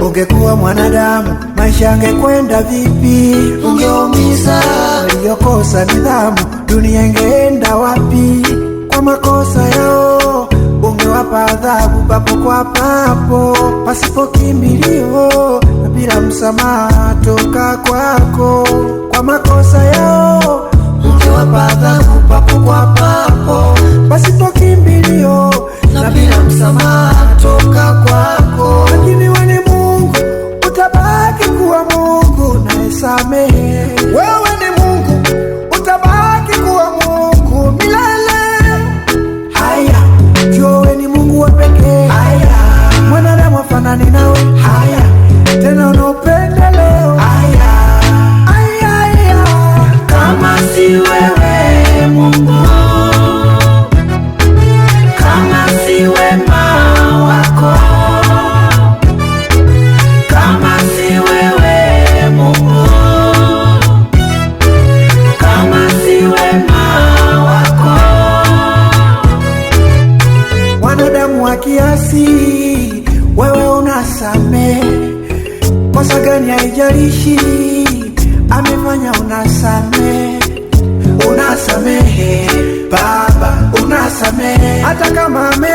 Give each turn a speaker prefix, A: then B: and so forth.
A: ungekuwa mwanadamu maisha yangekwenda vipi? Ungeumiza waliokosa nidhamu, dunia ingeenda wapi kwa makosa yao? pa adhabu papo kwa papo, pasipo kimbilio na bila msamaha toka kwako, kwa makosa yao mkiwapa kiasi, wewe unasamehe kosa gani? Haijalishi amefanya, unasame unasamehe Baba, unasamehe hata kama ame